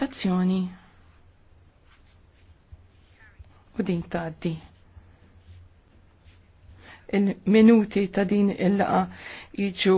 Tazzjoni. U din taddi. Il-minuti ta' din il-laqa jiġu